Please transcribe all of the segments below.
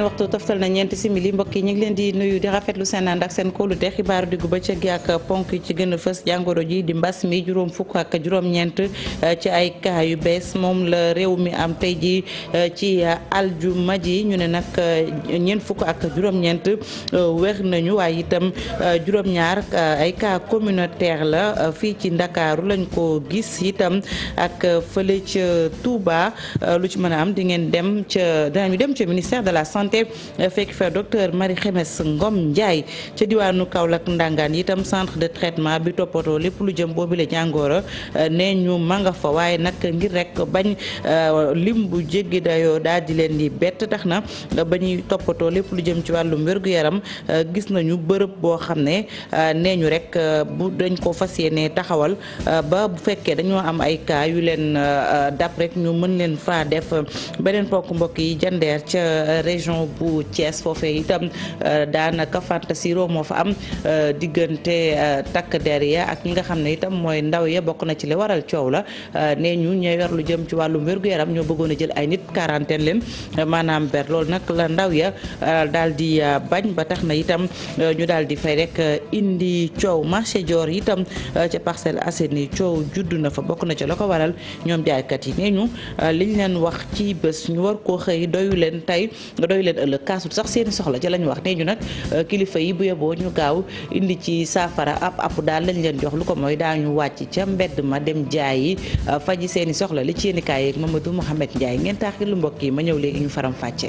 benn waxtu toftal na ñeenti simili mbokk yi ñu ngi leen di nuyu di rafetlu seen ànd ak seen kóolute xibaaru diggu bëccëg ak ponk ci gën a fës jàngoro ji di mbas mi juróom fukk ak juróom-ñeent eh, ci ay cas yu bees moom la réew mi am tey ji eh, ci aljuma ji ñu ne nag eh, ñeent fukk ak juróom wér nañu waaye itam juróom-ñaar ay kaa communautaire la fii ci ndakaaru lañ ko gis itam ak fële ca Touba lu ci mën a am di ngeen dem ca danañu dem ca ministère de la santé santé eh, fekk fa docteur Marie Xemes ngoom Ndiaye ca diwaanu Kaolack Ndangaan yitam centre de traitement bi toppatoo lépp lu jëm boobu la jàngoro eh, ne ñu manga fa waaye nag ngir rek bañ eh, lim bu jéggi dayoo daal di leen di bett tax na ba ñuy toppatoo lépp lu jëm ci wàllum wér-gu-yaram gis nañu bërëb boo xam ne nee ñu rek bu dañ ko fas yéenee taxawal ba bu fekkee dañoo am ay cas yu leen dab rek ñu mën leen faa def beneen pokk mbokk yi jandeer ca région région bu Thiès foofee itam euh, daanaka fantasiro moo fa am euh, diggante euh, takk der ya ak ñi nga xam ne itam mooy ndaw ya bokk na ci li waral coow la nee ñu ñooy yor jëm ci wàllum wér-gu-yaram ñoo bëggoon a jël ay nit quarantaine leen maanaam ber loolu nag la ndaw ya daal di bañ ba tax na itam ñu daal di fay rek indi coow marché yitam itam parcelle Parcelles Assainies coow juddu na fa bokk na ci la ko waral ñoom jaaykat yi nee ñu liñ leen wax ci bés ñu war koo xëy doyu leen leen ëllëg kaasul sax seeni soxla ca lañ wax nee ñu nag euh, kilifa yi bu yeboo ñu gaaw indi ci saafara ab app daal lañ leen jox lu ko mooy daa ñu wàcc ca mbedd ma dem jaayi euh, faji seeni soxla li ci kaay yéenikaay ma Mamadou Mouhamed Ndiaye ngeen taaxi lu mbokk yi ma ñëw léegi ñu faram fàcce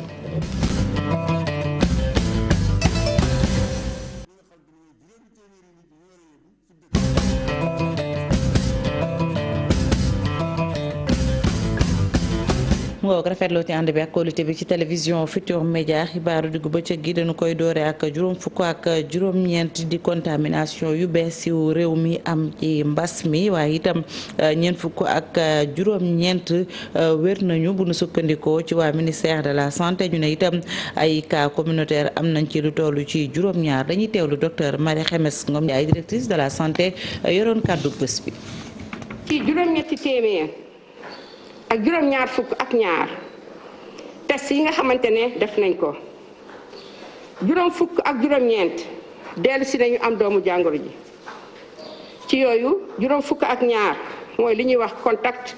ngoog rafetloo ci ànd bi ak qualité bi ci télévision Futur Média xibaaru diggu bëccëg gi dañu koy doore ak juróom fukk ak juróom-ñeent di contamination yu bees yu réew mi am ci mbas mi waaye itam euh, ñeent fukk ak euh, juróom-ñeent euh, wér nañu bu nu sukkandikoo ci waa ministère de la santé ñu ne itam ay cas communautaire am nañ ci lu toll ci juróom-ñaar dañuy teewlu docteur Marie Xemes Ngom Ndiaye directrice de la santé yoroon kàddu bés bi. ci juróom-ñetti ak juróom-ñaar fukk ak ñaar test yi nga xamante ne def nañ ko juróom fukk ak juróom-ñeent dellu si nañu am doomu jàngoro ji ci yooyu juróom fukk ak ñaar mooy li ñuy wax contact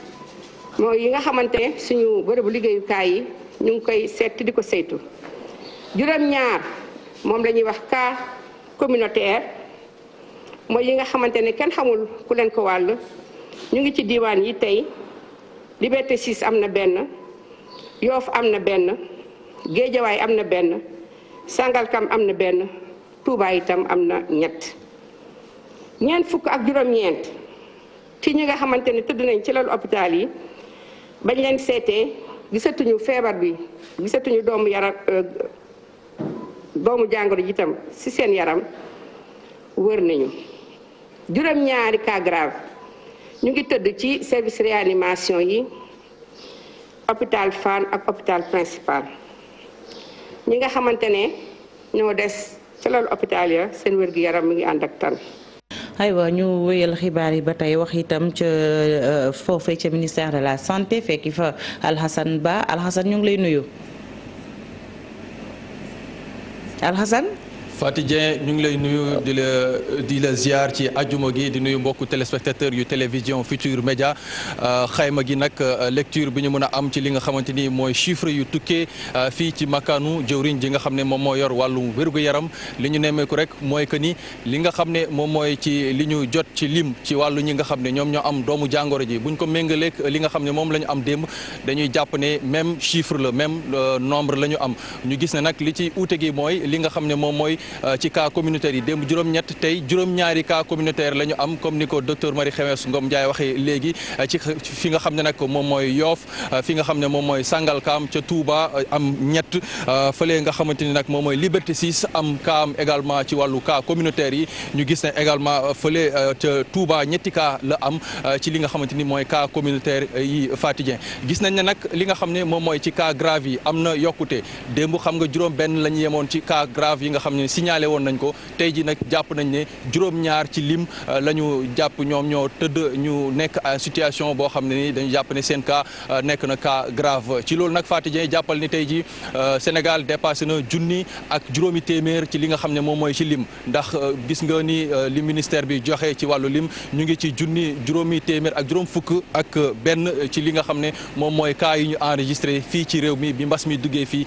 mooy yi nga xamante ne suñu bërëbu liggéeyukaay yi ñu ngi koy seet di ko saytu juróom-ñaar moom lañuy wax cas communautaire mooy yi nga xamante ne kenn xamul ku leen ko wàll ñu ngi ci diiwaan yi tey Liberté 6 am na benn yoof am na benn Géejawaay am na benn sàngalkam am na benn tuubaay itam am na ñett ñeent fukk ak juróom-ñeent ci ñi nga xamante ni tëdd nañ ci lalu hôpital yi bañ leen seetee gisatuñu feebar bi gisatuñu doomu yaram euh, doomu jàngoro ji itam ci seen yaram wër nañu juróom-ñaari cas ñu ngi tëdd ci service réanimation yi hôpital fan ak hôpital principal ñi nga xamante ne ñoo des ca hôpital ya seen wér-gu-yaram mu ngi ànd ak tan aywa ñu wéyal xibaar yi ba tey wax itam ca euh, foofe ca ministère de la santé fekki fa Alhassane Ba Alhassane ñoo ngi lay nuyu Alhassane Faty Dieng ñu ngi lay nuyu di la di la ziar ci ajuma gi di nuyu mbokku téléspectateur yu télévision Futur Média euh, xayma gi nag euh, lecture bi ñu mën a am ci li nga xamante ni mooy chiffre yu tukkee euh, fii ci makkaanu jëwriñ ji nga xam ne moom moo yor wàllu wérgu yaram li ñu nemmeeku rek mooy que ni li nga xam ne moom mooy ci li ñu jot ci lim ci wàllu ñi nga xam ne ñoom ñoo am doomu jàngoro ji buñ ko méngaleeg li nga xam ne moom lañu am démb dañuy jàpp ne même chiffre la même nombre la ñu am ñu gis ne nag li ci uute gi mooy li nga xam ne moom mooy Euh, ci cas communautaire yi démb juróom-ñett tey juróom-ñaari kaa communautaire la ñu am comme ni ko docteur Marie Xemes Ngom Ndiaye waxee léegi euh, fi nga xam ne nag moom mooy Yoof euh, fi nga xam ne moom mooy Sangalkam ca Touba am ñett fële nga xamante ni nag moom mooy Liberté 6 am kaam également ci wàllu cas communautaire yi ñu gis ne également fële ca Touba ñetti kaa la am ci li nga xamante ni mooy cas communautaire yi fatidien gis nañ ne nag li nga xam ne moom mooy ci cas grave yi am na yokkute démb xam nga juróom benn la ñu yemoon ci cas grave yi nga xam ne signalé woon nañ ko tey ji nag jàpp nañ ne juróom-ñaar ci lim euh, la ñu jàpp ñoom ñoo tëdd ñu nekk situation boo xam ne ni dañ jàpp ne seen cas euh, nekk na cas grave ci loolu nag Fatou Dieng jàppal ni tey ji euh, Sénégal dépassé na junni ak juróomi téeméer ci li nga xam ne moom mooy ci lim ndax gis nga ni li ministère bi joxe ci wàllu lim ñu ngi ci junni juróomi téeméer ak juróom fukk ak benn ci li nga xam ne moom mooy cas yi ñu enregistré fii ci réew mi bi mbas mi duggee fii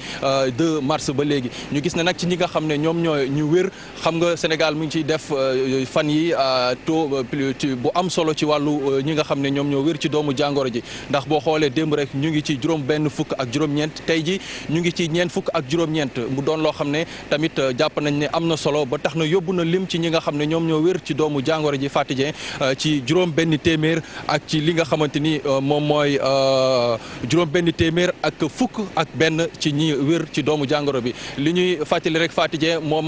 2 mars ba léegi ñu gis ne nag ci ñi nga xam ne ñoom ñoo ñu wér xam nga Sénégal mu ngi ciy def euh, fan yi taux euh, bu am solo ci wàllu euh, ñi nga xam ne ñoom ñoo wér ci doomu jàngoro ji ndax boo xoolee démb rek ñu ngi ci juróom benn fukk ak juróom-ñeent tey ji ñu ngi ci ñeent fukk ak juróom-ñeent mu doon loo xam ne tamit jàpp nañ ne am na solo ba tax na yóbbu na lim ci ñi nga xam ne ñoom ñoo wér ci doomu jàngoro ji Fatou ci juróom benn téeméer ak ci li nga xamante ni moom mooy juróom benn téeméer ak fukk ak benn ci ñi wér ci doomu jàngoro bi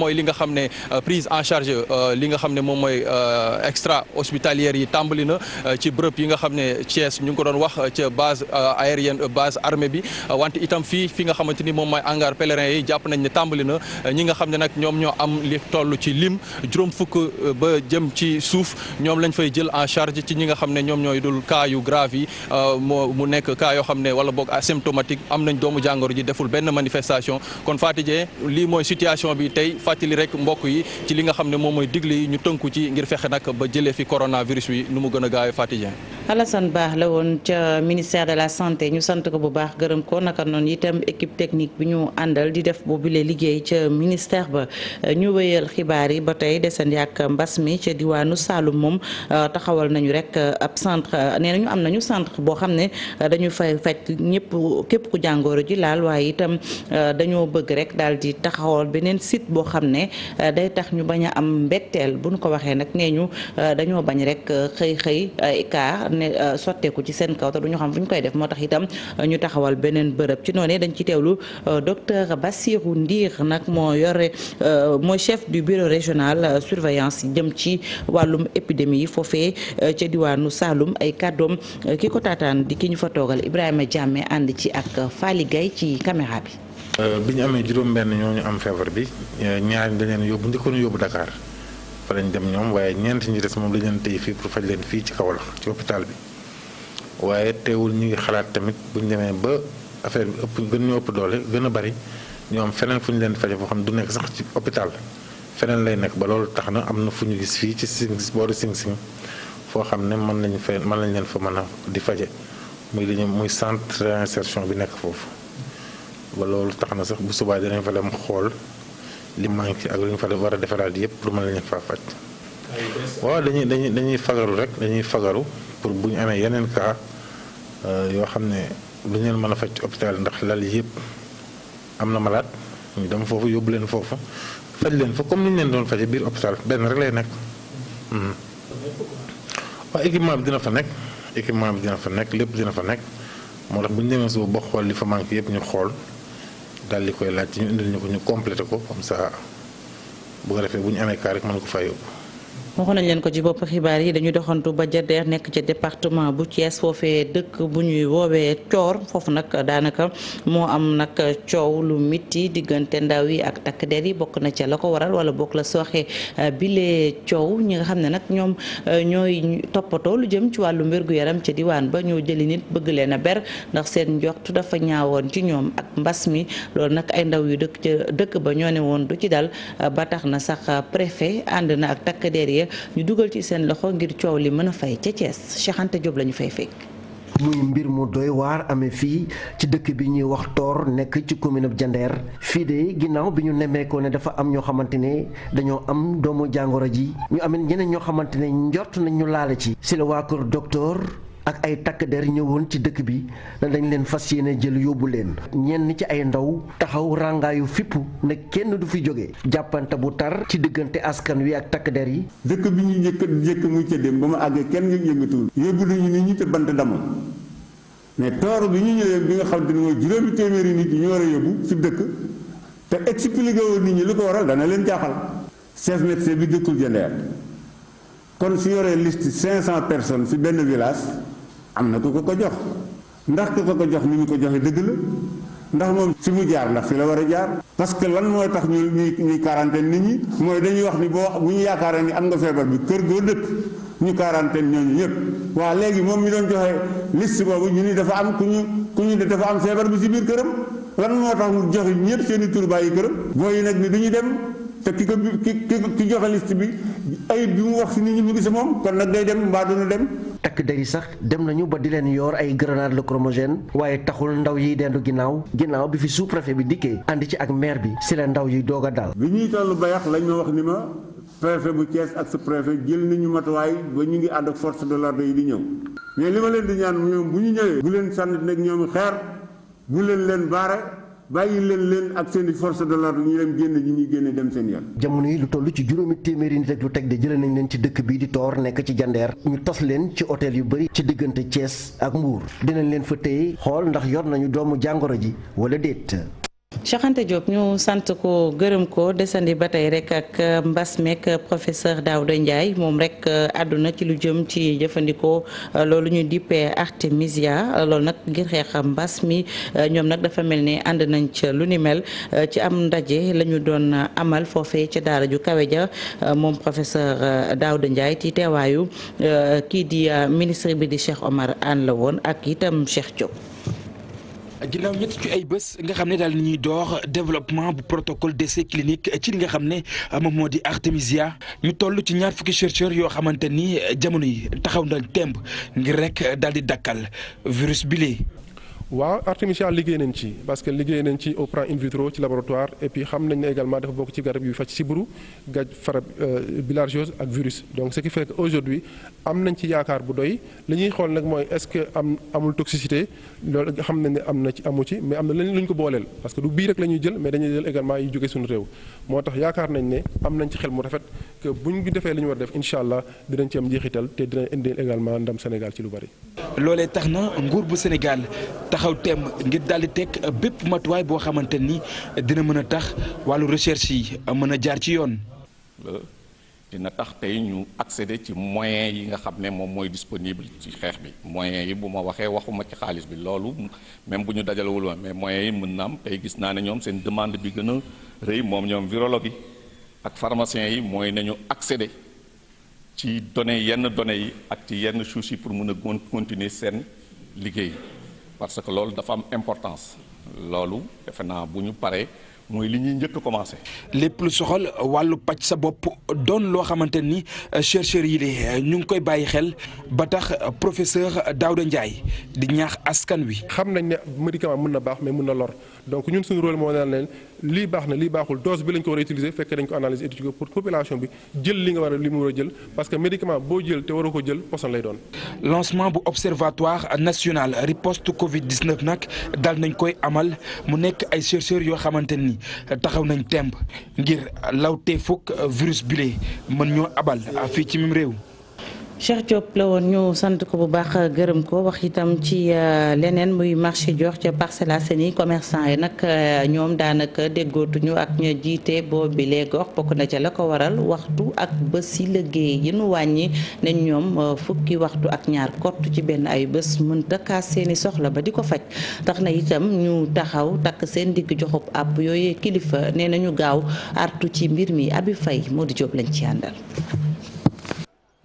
mooy li nga xam ne euh, prise en charge euh, li nga xam ne moom mooy euh, extra hospitalière yi tàmbali na ci bërëb yi nga xam ne Thiès ñu ngi ko doon wax ca base aérienne base armée bi wante itam fii fi nga xamante ni moom mooy hangar pèlerin yi jàpp nañ ne tàmbali na ñi nga xam ne nag ñoom ñoo am li toll ci lim juróom fukk ba jëm ci suuf ñoom lañ fay jël en charge ci ñi nga xam ne ñoom ñooy dul cas yu grave yi moo mu nekk cas yoo xam ne wala boog asymptomatique am nañ doomu jàngoro ji deful benn manifestation fàttali rek mbokk yi ci li nga xam ne moom mooy digle yi ñu tënku ci ngir fexe nag ba jëlee fi coronavirus wi nu mu gën a gaawee Faty Dieng Alassane baax la woon ca ministère de la santé ñu sant ko bu baax gërëm ko naka noonu itam équipe technique bi ñu àndal di def boo boobule liggéey ca ministère ba ñu wéyal xibaar yi ba tey desandi ak mbas mi ca diwaanu saalum moom euh, taxawal nañu rek euh, ab centre euh, nee nañu am nañu centre boo xam ne dañu fay faj ñëpp képp ku jàngoro ji laal waaye itam dañoo bëgg rek daal di taxawal beneen sit boo xam ne day tax ñu bañ a am mbetteel bu ñu ko waxee nag nee ñu dañoo bañ rek xëy ne euh, sotteeku ci seen kaw te du xam fu ñu koy def moo tax itam euh, ñu taxawal beneen bërëb ci noonu dañ ci teewlu euh, docteur Bassirou Ndiir nag moo yore mooy chef du bureau régional surveillance jëm ci wàllum épidémie yi foofee ca diwaanu Saloum ay kàddoom ki ko taataan di ki ñu fa toogal Ibrahima Diame ànd ci ak Fally ci caméra bi. bi juróom-benn ñoo ñu am feebar bi ñaar dañ leen yóbbu njëkkoon yóbbu Dakar. fa lañ dem ñoom waaye ñeent ñi des moom la leen tey fii pour faj leen fii ci Kaolack ci hôpital bi waaye teewul ñu ngi xalaat tamit bu demee ba affaire bi ëpp gën ñu ëpp doole gën a bari ñoom am feneen fu ñu leen faje foo xam ne du nekk sax ci hôpital feneen lay nekk ba loolu tax na am na fu ñu gis fii ci sing booru sing sing foo xam ne mën nañu fa mën nañ leen fa mën a di faje muy li ñu muy centre réinsertion bi nekk foofu ba loolu tax na sax bu subaa dinañ fa dem xool li manque ak lu ñu fa war a defaraat yëpp pour mën leen faa faj. waaw dañuy dañuy dañuy fagaru rek dañuy fagaru pour bu ñu amee yeneen cas euh, yoo xam ne lu ñu leen mën a faj hôpital ndax lal yëpp am na malaat ñu dem foofu yóbbu leen foofu faj leen fa comme ni ñu leen doon faje biir hôpital benn rek lay nekk. Hmm. waaw équipement bi dina fa nekk équipement bi dina fa nekk lépp dina fa nekk moo tax bu ñu demee suba boo xool li fa manqué yëpp ñu xool. daal di koy laaj ñu indil ñu ko ñu complété ko comme ça bu ko defee bu ñu amee cas rek mën ko faa yóbbu. waxoon nañ leen ko ci bopp xibaar yi dañu doxantu ba Jadeer nekk ci département bu Thiès foofee dëkk bu ñuy woowee coor foofu nag daanaka moo am nag coow lu diggante ndaw yi ak takk yi bokk na ca la ko waral wala bokk la sooxee euh, bile coow ñi nga xam ne nag ñoom euh, ñooy toppatoo lu jëm ci wàllu mbir gu yaram ca diwaan ba ñoo jëli nit bëgg leen a ber ndax seen njortu dafa ñaawoon ci ñoom ak mbas mi loolu nag ay ndaw yu dëkk ca dëkk ba ñoo ne woon du ci dal euh, ba tax na sax préfet ànd na ak takk der yi ñu dugal ci seen loxo ngir coow li mën a fay ca Thiès Cheikh Anta la ñu fay fekk. muy mbir mu doy waar amee fii ci dëkk bi ñuy wax Tor nekk ci commune bu Jandeer fii de ginnaaw bi ñu nemmeekoo ne dafa am ñoo xamante ne dañoo am doomu jàngoro ji ñu amee ñeneen ñoo xamante ne njort nañ ñu laale ci. si la kër docteur. ak ay takk der ñëwoon ci dëkk bi ne dañ leen fas yéene jël yóbbu leen ñenn ci ay ndaw taxaw ràngaayu fipp ne kenn du fi jóge jàppante bu tar ci diggante askan wi ak takk der yi dëkk bi ñu njëkk njëkk muy ca dem ba ma àggee kenn ngi yëngatuwul yóbbu nañu nit ñi te bant mais toor bi ñu ñëwee bi nga xam te ne mooy juróomi téeméeri nit ñi ñu war a yóbbu ci dëkk te expliqué woon nit ñi lu ko waral dana leen jaaxal chef médecin bi dëkkul Jandeer kon yoree liste 500 personnes ci benn village am na ku ko ko jox ndax ku ko jox ni ñu ko joxe dëgg la ndax moom fi mu jaar ndax fi la war a jaar parce que lan mooy tax ñu ñuy ñuy quarantaine nit ñi mooy dañuy wax ni boo bu ñu yaakaaree ni am nga feebar bi kër goo dëkk ñu quarantaine ñooñu ñëpp waa léegi moom mi doon joxe liste boobu ñu ni dafa am ku ñu ku ñu dafa am feebar bi si biir këram lan moo tax mu joxe ñëpp seen i tur bàyyi këram booy yi nag ni du ñu dem te ki ko ki ki joxe liste bi ayib bi mu wax nit ñi mu ngi si moom kon nag day dem mbaa dem. takk der yi sax dem nañu ba di leen yoor ay grenade lacrymogène waaye taxul ndaw yi dendu ginnaaw ginnaaw bi fi sous préfet bi dikkee andi ci ak maire bi si la ndaw yi doog a daal. bi ñuy toll bayax lañ ma wax ni ma préfet bu Thiès ak sa préfet jël ñu matuwaay ba ñu ngi ànd ak force de l'ordre yi di ñëw mais li ma leen di ñaan ñoom bu ñu ñëwee bu leen sànni nag ñoom xeer bu leen leen baare. bàyyi leen leen ak seen force de l'ordre ñu dem génn ñi ñuy génne dem seen yoon. jamono yi lu toll ci juróomi téeméeri nit ak lu teg de jëlee nañ leen ci dëkk bii di Toor nekk ci Jandeer ñu tas leen ci hôtel yu bëri ci diggante Thiès ak Mbour dinañ leen fa tey xool ndax yor nañu doomu jàngoro ji wala déet. Cheikh Anta Diop ñu sant ko gërëm ko desandi ba tey rek ak euh, mbas meek euh, professeur Daouda Ndiaye moom rek euh, àdduna ci lu jëm ci jëfandikoo loolu ñu dippee artemisia loolu nag ngir xeex mbas mi ñoom nag dafa mel ni ànd nañ ca lu ni mel ci am ndaje la ñu doon amal foofee ca daara ju kawe ja moom professeur Daouda Ndiaye ci teewaayu kii di ministre bi di Cheikh Omar Anne la woon ak itam Cheikh Diop. ginnaaw ñett ci ay bés nga xam ne daal ni ñuy door développement bu protocole d'essai clinique ci li nga xam ne moom moo di artemisia ñu toll ci ñaar fukki chercheurs yoo xamante ni jamono yi taxaw na temb ngir rek daal di dakkal virus bile waaw artémisia liggéey nañ ci parce que liggéey nañ ci au plan in vitro ci laboratoire et puis xam nañ ne également dafa bokk ci garab yu faj sibbiru gaj farab euh, bilharziose ak virus donc ce qui fait que aujourd'hui am nañ ci yaakaar bu doy li ñuy xool nag mooy est-ce que am amul toxicité lool xam nañ ne am na ci amu ci mais am na leneen lu ñu ko booleel parce que du bii rek la ñuy jël mais dañuy jël également yu jóge suñu réew moo tax yaakaar nañ ne am nañ ci xel mu rafet bu ñu defee li ñu war def incha allah dinañ ci am njeexital te dinañ indi également ndam Sénégal ci lu bari. loolee tax na nguur bu Sénégal taxaw teem ngir daal di teg bépp matuwaay boo xamante ni dina mën a tax wàllu recherche yi mën a jaar ci yoon. dina tax tey ñu accéder ci moyens yi nga xam ne moom mooy disponible ci xeex bi moyens yi bu ma waxee waxuma ci xaalis bi loolu même bu ñu dajalewul woon mais moyen yi mën naam am tey gis naa ne ñoom seen demande bi gën a rëy moom ñoom virologue ak pharmaciens yi mooy nañu accéder ci données yenn données yi ak ci yenn sources yi pour mun a continuer seen liggéey parce que loolu dafa am importance loolu defe bu ñu paree mooy li ñuy commencé. lépp lu soxal wàllu paj sa bopp doon loo xamante ni euh, chercheurs yi de euh, ñu ngi koy bàyyi xel ba tax euh, professeur Daouda Ndiaye di ñaax askan wi. xam nañ ne médicament mën na baax mais mën na lor donc ñun suñu role moo naan leen lii baax na lii baaxul dose bi lañ ko war a utiliser fekkee dañ ko analyser étudier pour population bi jël li nga war a li mu war a jël parce que médicament boo jël te waroo ko jël poson lay doon. lancement bu observatoire national riposte Covid 19 nag dal nañ koy amal mu nekk ay chercheurs yoo xamante ni. taxaw nañu temb ngir lawte fokk virus bile mën ñoo abal fii ci mim réew Cheikh Diop la woon ñu sant ko bu baax gërëm ko wax itam ci euh, leneen muy marché jox ca Parcelles Assainies commerçant yi nag euh, ñoom daanaka déggootuñu ak ña jiite boobu lee gox bokk na ca la ko waral waxtu ak bés yi liggéey yi wàññi ne ñoom euh, fukki waxtu ak ñaar kott ci benn ay bés mënta kaas seeni soxla ba di ko faj tax na itam ñu taxaw takk seen digg joxub àpp yooyee kilifa nee nañu gaaw artu ci mbir mi Abi fay moo di Diop lañ ci àndal.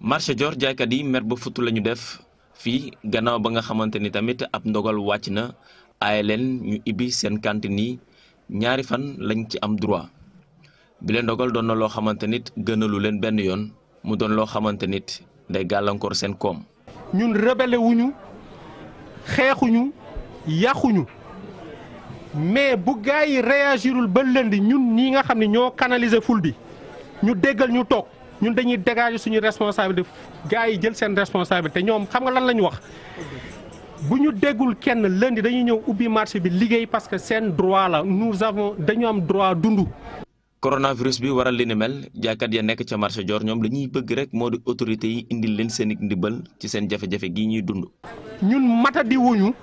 marché Dior jaaykat yi mer ba futu la ñu def fii gannaaw ba nga xamante ni tamit ab ndogal wàcc na aaye leen ñu ibbi seen cantine nii ñaari fan lañ ci am droit bi leen ndogal doon na loo xamante nit gënalu leen benn yoon mu doon loo xamante nit day gàllankoor seen koom. ñun rebelle wuñu xeexuñu yàquñu mais bu gars yi réagirul ba lënd ñun ñi nga xam ne ñoo canaliser ful bi ñu déggal ñu toog. ñun dañuy dégager suñu responsabilité gars yi jël seen responsabilité ñoom xam nga lan la ñu wax bu ñu déggul kenn lënd dañuy ñëw ubbi marché bi liggéey parce que seen droit la nous avons dañu am droit dund. coronavirus bi waral li ni mel jaaykat ya nekk ca marché Dior ñoom la ñuy bëgg rek moo di autorité yi indil leen seen ndimbal ci seen jafe-jafe gi ñuy dund. ñun matadi wuñu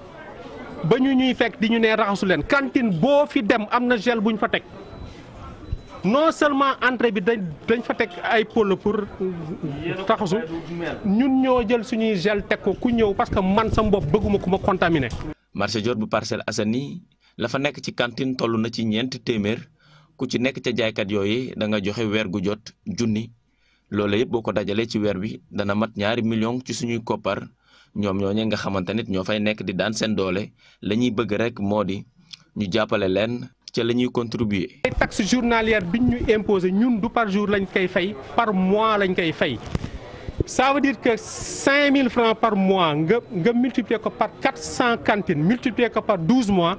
ba ñu ñuy fekk di ñu ne raxasu leen cantine boo fi dem am na gel bu ñu fa teg. non seulement entrée bi dañ dañ fa teg ay pôle pour taxasu ñun ñoo jël suñuy gel teg ko ku ñëw parce que man sama mbopp bëgguma ku ma contaminé. marché Dior bu Parcelles Assainies la fa nekk ci cantine toll na ci ñeenti téeméer ku ci nekk ca jaaykat yooyu da nga joxe weer gu jot junni loolu yëpp boo ko dajalee ci weer bi dana mat ñaari million ci suñuy koppar ñoom ñooñu nga xamante nit ñoo fay nekk di daan seen doole la ñuy bëgg rek moo di ñu jàppale leen. ca la ñuy contribuer. ay taxe journalière bi ñu imposé ñun du par jour lañ koy fay par mois lañ koy fay ça veut dire que mille francs par mois nga nga multiplier ko par 400 cantines multiplier ko par 12 mois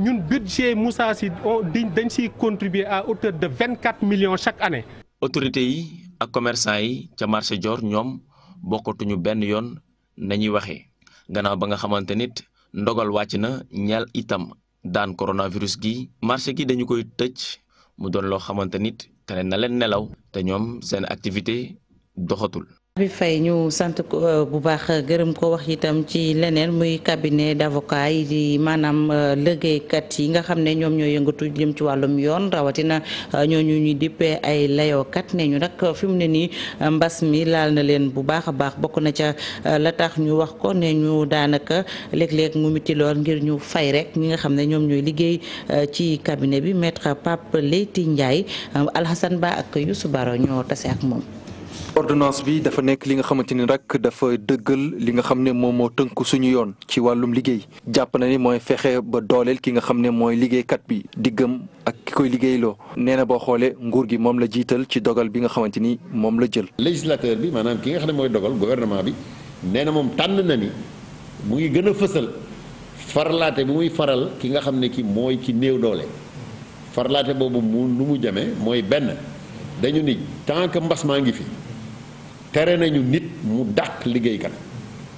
ñun budget Moussa Sy oh, dañ si contribuer à hauteur de 24 millions chaque année. autorités yi ak commerçant yi ca marché Dior ñoom bokkatuñu benn yoon nañuy waxe gannaaw ba nga xamante nit ndogal wàcc na ñeel itam daan coronavirus gi marché gi dañu koy tëj mu doon loo xamante nit tere na leen nelaw te ñoom seen activité doxatul bi fay ñu sant ko euh, bu baax gërëm ko wax itam ci leneen muy kabine d'avocat yi di maanaam euh, liggéeykat yi nga xam ne ñoom ñoo yëngatu jëm ci wàllum yoon rawatina euh, ñooñu ñuy dippe ay layookat ne ñu nag fi mu ne nii mbas mi laal na leen bu baax a baax bokk na ca la tax ñu wax ko ne ñu daanaka léeg-léeg mu miti lool ngir ñu fay rek ñi nga xam ne ñoom ñooy liggéey ci cabinet bi maître Pape Leyti Ndiaye Alhassane Ba ak Youssou Baro ñoo tase ak moom. ordonnance bi dafa nekk li nga xamante ni rek dafa dëggal li nga xam ne moom moo tënk suñu yoon ci wàllum liggéey jàpp na ni mooy fexe ba dooleel ki nga xam ne mooy liggéeykat bi diggam ak ki koy liggéeyloo nee na boo xoolee nguur gi moom la jiital ci dogal bi nga xamante ni moom la jël. législateur bi maanaam ki nga xam ne mooy dogal gouvernement bi nee na moom tànn na ni mu ngi gën a fësal faralaate bi muy faral ki nga xam ne ki mooy ki néew doole farlaate boobu mu nu mu jamee mooy benn dañu ni tant mbas maa ngi fi. tere nañu nit mu dàq liggéeykat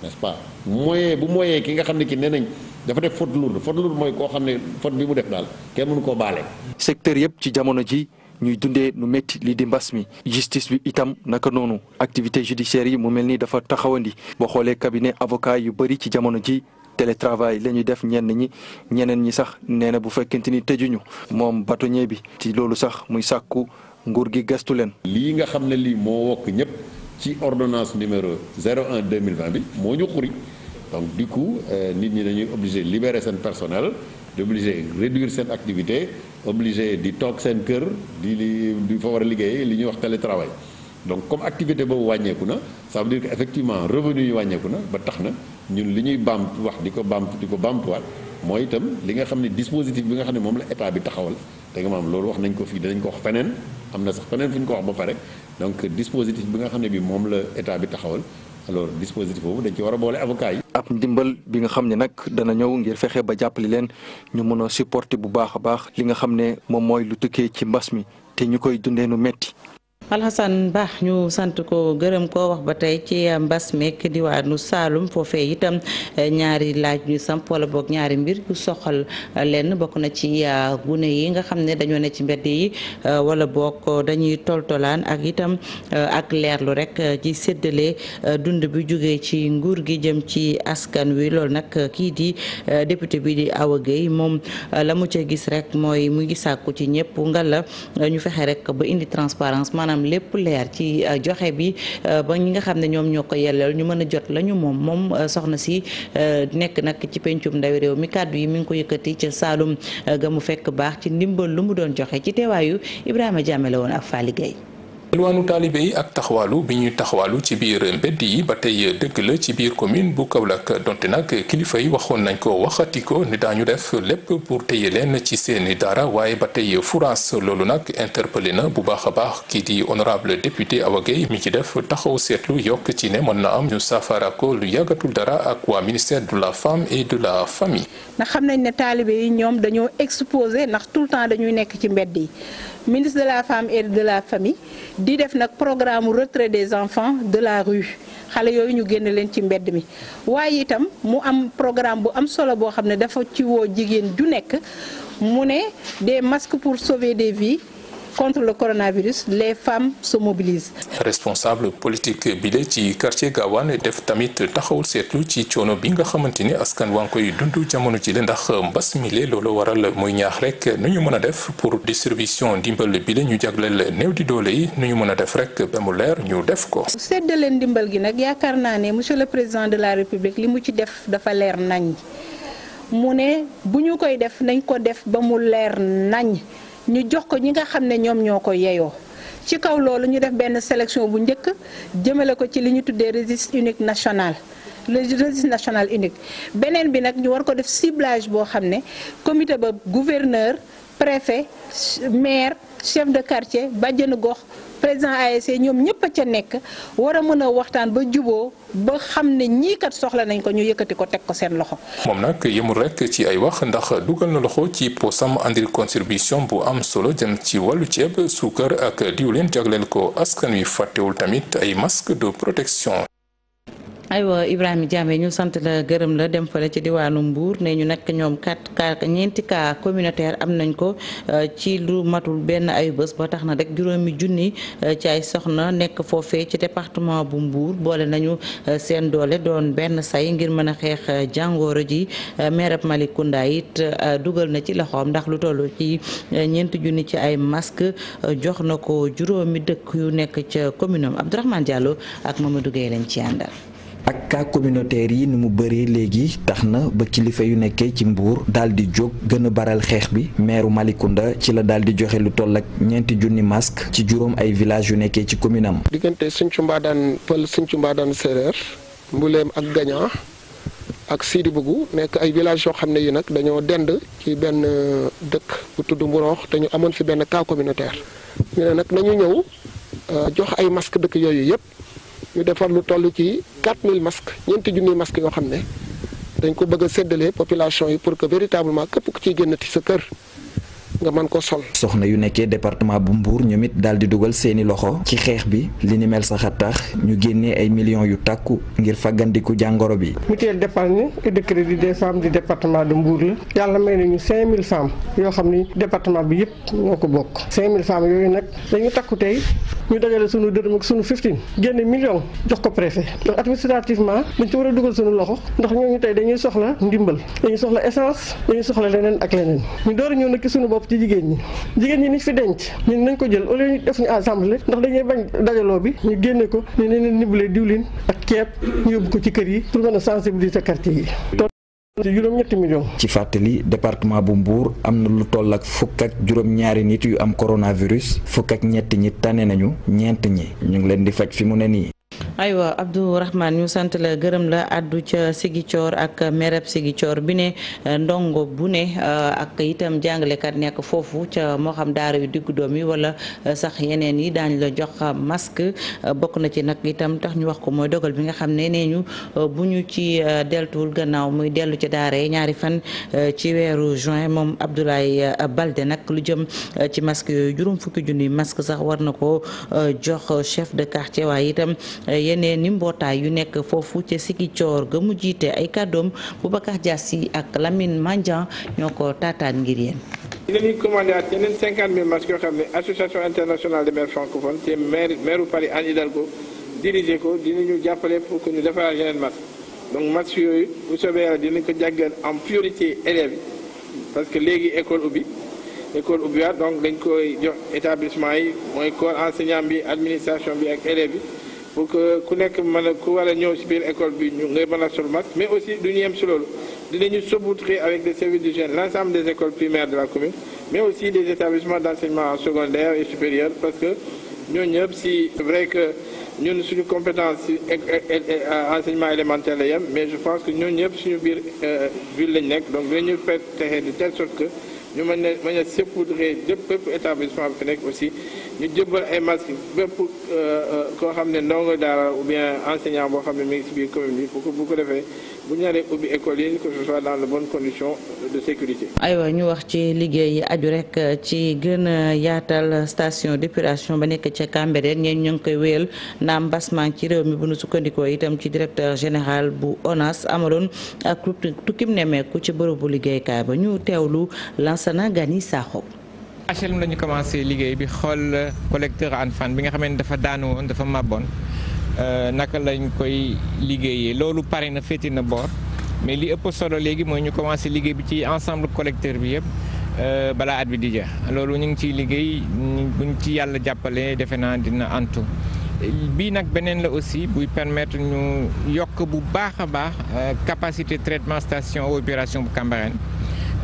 n'est-ce pas bu mooyee ki nga xam ne ki nee nañ dafa def faute lourde faute lourde mooy koo xam ne faute bi mu def daal kenn mënu koo baale. secteur yëpp ci jamono ji ñuy dundee nu métti lii di mbas mi justice bi itam naka noonu activité judiciaire yi mu mel nii dafa taxawandi boo xoolee cabinet avocat yu bëri ci jamono ji télétravail la ñuy def ñenn ñi ñeneen ñi sax nee na bu fekkente ni tëjuñu moom bâtonnier bi ci loolu sax muy sàkku nguur gi gastu leen. lii nga xam ne lii moo wokk ñëpp. ci ordonnance numéro 01 2020 bi moo ñu xuri donc di coup euh, nit ñi dañuy obligé libérer seen personnel di obligé réduire seen activité obligé di toog seen kër di li di fa war a liggéey li ñuy wax télétravail donc comme activité boobu wàññeeku na ça veut dire que effectivement revenu yi wàññeeku na ba tax na ñun li ñuy baam wax di ko baam di ko baamtuwaat mooy itam li nga xam ne dispositif bi nga xam ne moom la état bi taxawal te nga maam loolu wax nañ ko fii dinañ ko wax feneen am na sax feneen fu ko wax ba pare donc dispositif bi nga xam ne bi moom la état bi taxawal alors dispositif boobu dañ ci war a boole avocat yi. ab ndimbal bi nga xam ne nag dana ñëw ngir fexe ba jàppale leen ñu mën a supporter bu baax a baax li nga xam ne moom mooy lu tukkee ci mbas mi te ñu koy dundee nu metti Alxasan Ba ñu sant ko gërëm koo wax ba tey ci mbas meek diwaanu Saalum foofee itam eh, ñaari laaj yu samp wala boog ñaari mbir yu soxal eh, lenn bokk na ci eh, gune yi nga xam ne dañoo ne ci mbedd yi wala boog dañuy toltolaan ak itam ak leerlu rek ci séddale dund bi jógee ci nguur gi jëm ci askan wi loolu nag kii di député bi di Awa Gueye moom la mu ca gis rek mooy mu ngi sàkku ci ñëpp nga la ñu fexe rek ba indi transparence maanaam lépp leer ci euh, joxe bi euh, ba ñi nga xam ne ñoom ñoo ko yelleel ñu mën a jot lañu moom moom euh, soxna si nekk nag ci pencum ndawi réew mi kàddu yi mi ngi ko yëkkati ca Saalum ga mu fekk baax ci ndimbal lu mu doon joxe ci teewaayu Ibrahima Jàmme la woon ak Faly Gueye elwaanu taalibe yi ak taxawaalu bi ñuy taxawaalu ci biir mbedd yi ba tey dëgg la ci biir commune bu Kaolack donte nag kilifa yi waxoon nañ ko waxatiko ko ne daañu def lépp pour téye leen ci seeni dara waaye ba tey France loolu nag interpellé na bu baax a baax kii di honorable député Awa Gueye mi ci def taxaw seetlu yokk ci ne mën na am ñu saafara ko lu yàggatul dara ak waa ministère de la femme et de la famille. ndax xam nañ ne taalibe yi ñoom dañoo exposé ndax tout le temps dañuy nekk ci mbedd yi. ministre de la femme et de la famille di def nag programme retrait des enfants de la rue xale yooyu ñu génn leen ci mbedd mi waaye itam mu am programme bu am solo boo xam ne dafa ci woo jigéen ju nekk mu ne des masques pour sauver des vies contre le coronavirus les femmes se mobilisent. responsable politique bi la ci quartier Gawane def tamit taxawul seetlu ci coono bi nga xamante ni askan waa ngi koy dund jamono ci la ndax mbas mi la loolu waral muy ñaax rek nu ñu mën a def pour distribution ndimbal bi la ñu jagleel néew di doole yi nu ñu mën a def rek ba mu leer ñu def ko. séddale ndimbal gi nag yaakaar naa ne monsieur le président de la république li mu ci def dafa leer nañ mu ne bu ñu koy def nañ ko def ba mu leer nañ. ñu jox ko ñi nga xam ne ñoom ñoo ko yeyoo ci kaw loolu ñu def benn sélection bu njëkk jëmale ko ci li ñu tuddee registre unique nationale le registre national unique beneen bi nag ñu war ko def ciblage boo xam ne comité ba gouverneur préfet maire chef de quartier bàjjenu gox président ASC e ñoom ñëpp a ca nekk war a mën a waxtaan ba juboo ba xam ne ñii kat soxla nañ ko ñu yëkkati ko teg ko seen loxo. moom nag yemul rek ci ay wax ndax dugal na loxo ci poosam andir contribution bu am solo jëm ci wàllu ceeb suukar ak diwlin jagleel ko askan wi fàttewul tamit ay masque de protection. aywa Ibrahima Diame ñu sant la gërëm la dem fële ci diwaanu Mbour ne ñu nag ñoom quatre cas ñeenti cas communautaire am nañ ko euh, ci lu matul benn ay bés ba tax na rek juróomi junni euh, ci ay soxna nekk foofee ci département bu mbuur boole nañu euh, seen doole doon benn say ngir mën a xeex jàngooro ji maire ab Malicounda it dugal na ci loxoom ndax lu toll ci ñeenti junni ci ay masque jox na ko juróomi dëkk yu nekk ca commune am Abdourahmane Diallo ak Mamadou Gueye lañ ci àndal. ak cas communautaire yi ni mu bëree léegi tax na ba kilifa yu nekkee ci mbuur daal di jóg gën baral xeex bi meeru Malicounda ci la daal di joxe lu toll ak ñeenti junni masque ci juróom ay village yu nekkee ci communam diggante Sinthiou Mbadane Pël Sinthiou Mbadane Séeréer Mbuleem ak Gagnan ak Sidi Bougou nekk ay village yoo xam ne yi nag dañoo dend ci benn euh, dëkk bu tudd Mburoox te ñu amoon fi benn cas communautaire ñu ne nag nañu ñëw euh, jox ay masque dëkk yooyu yëpp. ñu defar lu toll ci 4000 masques ñeenti junniy masques yoo xam ne dañ ko bëgg a séddale population yi pour que véritablement képp ku ciy génnati sa kër. nga mën ko sol. soxna yu nekkee département bu Mbour ñoom it di dugal seeni loxo ci xeex bi li ni mel sax a tax ñu génnee ay millions yu tàkku ngir faggandiku jàngoro bi. mutuelle d'épargne et de crédit des femmes du département de Mbour la yàlla may nañu 5000 femmes yoo xam ni département bi yëpp ñoo ko bokk mille femmes yooyu nag dañu takku tey ñu dajale sunu dërëm ak sunu 15 génne million jox ko préfet donc administrativement buñ ci war a dugal sunu loxo ndax ñooñu tey dañuy soxla ndimbal dañuy soxla essence dañuy soxla leneen ak leneen ñu a ci jigéen ñi jigéen ñi ni fi denc ñun nañ ko jël au lieu ñu def ñu assemblée ndax dañuy bañ dajaloo bi ñu génne ko ne ne leen nibalee diwlin ak ceeb ñu yóbbu ko ci kër yi pour mën a sensibiliser quartier yi juróom-ñetti million ci fàttali département bu Mbour am na lu toll ak fukk ak juróom-ñaari nit yu am coronavirus fukk ak ñett ñi tane nañu ñeent ñi ñu ngi leen di faj fi mu ne nii aywa Abdou Rahman ñu sant la gërëm la addu ca Sigicoor ak mereb Sigicoor bi ne euh, ndongo bu ne euh, ak itam jàngalekat nekk foofu ca moo xam daara yu diggu doom yi wala euh, sax yeneen yi daañu la jox masque bokk na ci nag itam tax ñu wax ko mooy dogal bi nga xam ne nee ñu bu ñu ci deltuwul gannaaw muy dellu ci daara yi ñaari fan ci weeru juin moom Abdoulaye Balde nag lu jëm ci masque yooyu juróom fukki junni masque sax war na ko jox chef de quartier waaye ni mbootaay yu nekk foofu ca Sigicoor ga mu jiite ay kàddoom Boubacar Diassi ak Lamine Mandian ñoo ko taataan ngir yéen. dinañu commandé at yeneen cinquante mille masques yoo xam ne association internationale des maires francophones te maire maire Paris Anne Hidalgo dirigé ko dinañu jàppale pour que ñu defaraat yeneen masques donc masques yooyu bu soobee yàlla ko jàggal en priorité élèves yi parce que léegi école ubbi école ubbiwaat donc dañ koy jox établissement yi mooy corps enseignant bi administration bi ak élèves yi. pour que ku nekk mën a ku war a ñëw si biir école bi ñu ngay mën a sol masque mais aussi du ñu yem si loolu dinañu sobutri avec les services d'hygiène l'ensemble des écoles primaires de la commune mais aussi des établissements d'enseignement secondaire et supérieur parce que ñoo ñëpp si vrai que ñun suñu compétence si enseignement élémentaire la yem mais je pense que ñoo ñëpp suñu biir euh, ville lañ nekk donc dinañu fekk texe de telle sorte que ñu mën a mën a saupoudrer lépp établissement bi fi nekk aussi ñu jëbbal ay masque bépp euh, euh, koo xam ne ndongo daara ou bien enseignant boo xam ne mi commune bi bu ko defee bu ñu ubbi école yi que ce soit dans de bonnes conditions de sécurité. aywa ñu wax ci liggéey yi aju rek euh, ci gën a yaatal station d'épuration ba nekk ca Cambérène ñeen ñu ngi koy wéyal ndaam basman ci réew mi bu nu sukkandikoo itam ci directeur général bu ONAS amaloon ak tukkim nemmeeku ci bërëbu liggéeykaay ba ñu teewlu Lansana Gani Sakho. HLM la ñu commencé liggéey bi xool collecteur an fan bi nga xamee ne dafa daanu woon dafa màbboon euh, naka lañ koy liggéeyee loolu pare na féeti na boor mais li ëpp solo léegi mooy ñu commencé liggéey bi ci ensemble collecteur bi yëpp euh, balaa at bi di jeex loolu ñu ngi ciy liggéey buñ ci yàlla jàppale defe naa dina antu bii nag beneen la aussi buy permettre ñu yokk bu baax a baax euh, capacité traitement station opération bu Cambérène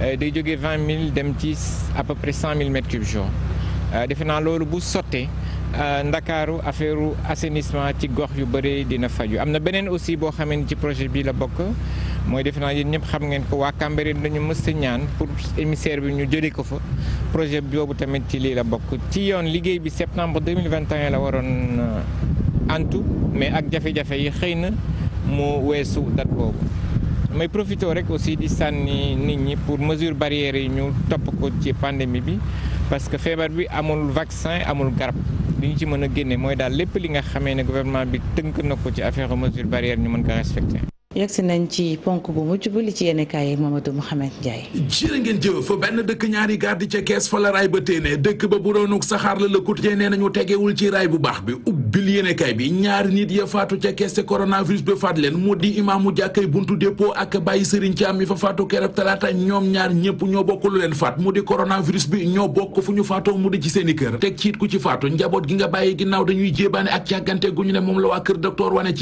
Euh, day jóge vingt mille dem ci à peu près cent mille mètres euh, defe naa loolu bu sottee euh, ndakaaru affaire assainissement ci gox yu bëri dina faju am na beneen aussi boo xamee ni ci projet bi la bokk mooy defe naa yéen ñëpp xam ngeen ko waa Cambérène dañu mës a ñaan pour émissaire bi ñu jëlee ko fa projet boobu tamit ci lii la bokk ci yoon liggéey bi septembre 2021 la waroon antu mais ak jafe-jafe yi xëy na mu weesu date boobu may profité rek aussi di sànni nit ñi pour mesure barrière yi ñu topp ko ci pandémie bi parce que feebar bi amul vaccin amul garab li ñu ci mën a génne mooy daal lépp li nga xamee ne gouvernement bi tënk na ko ci affaire mesure barrière ñu mën ko respecté. yegsi nañ ci ponk bu mujj bu li ci yenn kaay Mamadou Mouhamed Ndiaye. jërë ngeen jëf benn dëkk ñaari gaar di ca kees fa la raay ba téenee dëkk ba bu doonuk saxaar la Le Quotidien nee nañu tegewul ci raay bu baax bi ubbil yenn kaay bi ñaari nit ya faatu ca kees te coronavirus ba faat leen mu di imaamu jàkkay buntu dépôt ak bàyyi sëriñ ci am mi fa faatu keroog talaata ñoom ñaar ñëpp ñoo bokk lu leen faat mu di coronavirus bi ñoo bokk fu ñu faatoo mu di ci seeni kër teg ciit ku ci faatu njaboot gi nga bàyyi ginnaaw dañuy jéebaane ak càggante gu ñu ne moom la waa kër docteur wane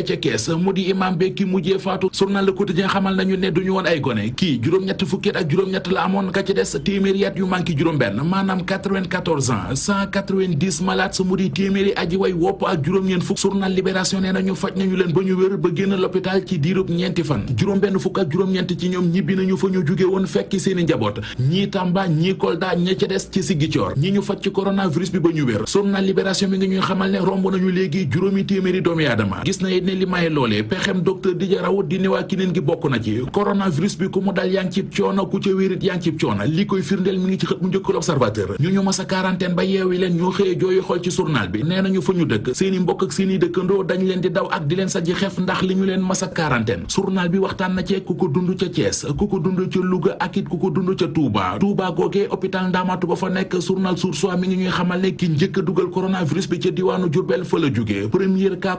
foofee ca kees mu di imam be ki mujjee faatu journal Le Quotidien xamal nañu ne duñu woon ay gone kii juróom-ñett fukki ak juróom-ñett la amoon ka ci des téeméeri at yu manqué juróom-benn maanaam 94 ans 190 malades téeméeri aji way wopp ak juróom-ñeent fukk journal Libération nee nañu faj nañu leen ba ñu wér ba génn l'hôpital ci diirub ñeenti fan juróom-benn fukk ak juróom-ñeent ci ñoom ñibbi nañu fa ñu jóge woon fekki seeni njaboot ñii Tamba ñii Kolda ne li maye loolee pexem docteur di jarawut di niwaa kineen gi bokk na ci coronavirus bi ku mu dal yaa cib coono ku ca wérit yaa ngi cib coono li koy firndeel mi ngi ci xët mu njëkkal observateur ñu ñu mas a quarantaine ba yeewi leen ñoo xëyee jooyu xool ci journal bi nee nañu fa ñu dëkk seeni mbokk ak seen dëkkandoo dañ leen di daw ak di leen sajji xef ndax li ñu leen mas a quarantaine journal bi waxtaan na ci ku ko dund ca Thiès ku ko dund ca Louga ak it ku ko dund ca Touba Touba googee hôpital Ndamatou ba fa nekk journal Source A ngi ñuy ne ki njëkk dugal coronavirus bi ca diwaanu Jurbel fa la jógee premier cas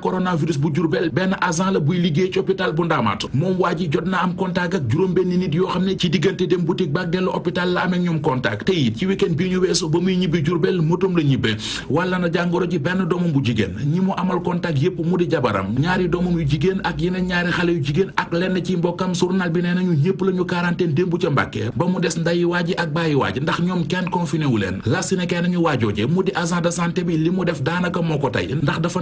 bu Jurbel Diourbel benn agent la buy liggéey ci hôpital bu Ndaamaatu moom waa ji jot naa am contact ak juróom-benn nit yoo xam ne ci diggante dem boutique baak dellu hôpital la amee ñoom contact te it ci week-end bi ñu weesu ba muy ñibbi Diourbel motom la ñibbee wala na jàngoro ji benn doomam bu jigéen ñi mu amal contact yépp mu jabaram ñaari doomam yu jigéen ak yeneen ñaari xale yu jigéen ak lenn ci mbokkam journal bi nee nañu ñëpp la ñu quarantaine démb ca Mbàkke ba mu des ndayi waa ji ak bàyyi waa ji ndax ñoom kenn confiné wu la Sénégal nañu waajooje mu di agent de santé bi li ko tey ndax dafa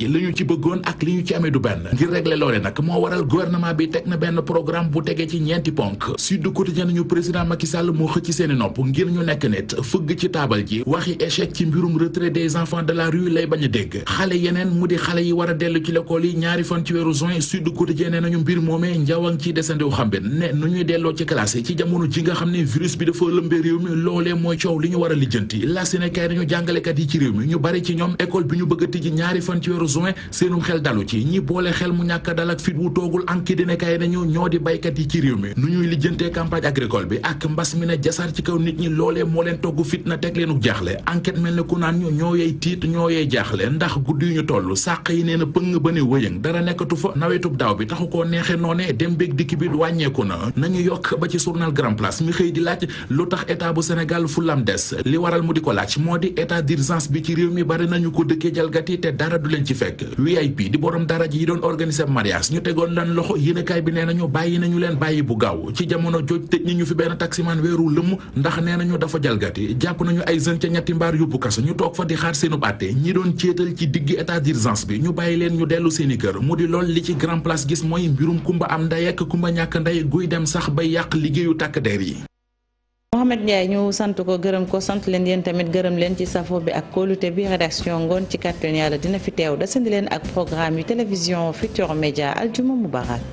ji li ñu ci ñu ci amee du benn ngir régler loole nag moo waral gouvernement bi teg na benn programme bu tegee ci ñeenti ponk Sud Quotidien ñu président Macky moo xëcc seeni nopp ngir ñu nekk nit fëgg ci taabal ji waxi échec ci mbirum retrait de la rue lay bañ a dégg xale yeneen mu di xale yi war a dellu ci l'école yi ñaari fan ci weeru juin Sud Quotidien nee nañu mbir moomee njawang ci desandew xambe ne nu ñuy delloo ci classe yi ci jamono ji nga xam ne virus bi dafa lëmbee réew mi loolee mooy coow li ñu war lijjanti la Sénégal dañu jàngalekat yi ci réew mi ñu bari ci ñoom école bi ñu bëgg a ñaari fan ci weeru besoin seenum xel dalu ci ñi boole xel mu ñàkk dal ak fit wu toogul anki dina kay nañu ñoo di baykat yi ci réew mi nu ñuy lijjante campagne agricol bi ak mbas mi ne jasaar ci kaw nit ñi loolee moo leen togg fit na teg leenu jaaxle enquête mel ne ku naan ñu ñoo yey tiit ñoo yey jaaxle ndax gudd yu ñu toll sàq yi nee na pëng ba ne wëyëng dara nekkatu fa nawetub daaw bi taxu koo neexee noone dem béeg dikk bi wàññeeku na nañu yokk ba ci journal Grand Place mi xëy di laaj lu tax état bu Sénégal fu lam li waral mu di ko laaj moo di état d'urgence bi ci réew mi bari nañu ko dëkkee jalgati te dara leen ci fekk VIP di borom dara ji yi doon organiser mariage ñu tegoon lan loxo yéenekaay bi nee nañu bàyyi nañu leen bàyyi bu gaaw ci jamono joj tëj ni ñu fi benn taximan weeru lëmm ndax nee nañu dafa jalgati jàpp nañu ay jeune ca ñetti mbaar yóbbu kaso ñu toog fa di xaar seenub àtte ñi doon céetal ci digg état d'urgence bi ñu bàyyi leen ñu dellu seeni kër mu di lool li ci grand place gis mooy mbirum kumba am ndey ak kumba ñàkk ndey guy dem sax ba yàq liggéeyu takk der yi Mohamed Ndiaye ñu sant ko gërëm ko sant leen yéen tamit gërëm leen ci safo bi ak kóolute bi rédaction ngoon ci kàttan yàlla dina fi teew desandi leen ak programme yu télévision Futurs Médias aljuma mubarak